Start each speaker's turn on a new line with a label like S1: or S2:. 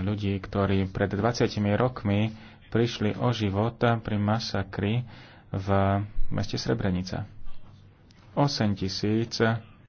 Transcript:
S1: ľudí, ktorí pred 20 rokmi prišli o život pri masakri v meste Srebrenica.
S2: 8 tisíc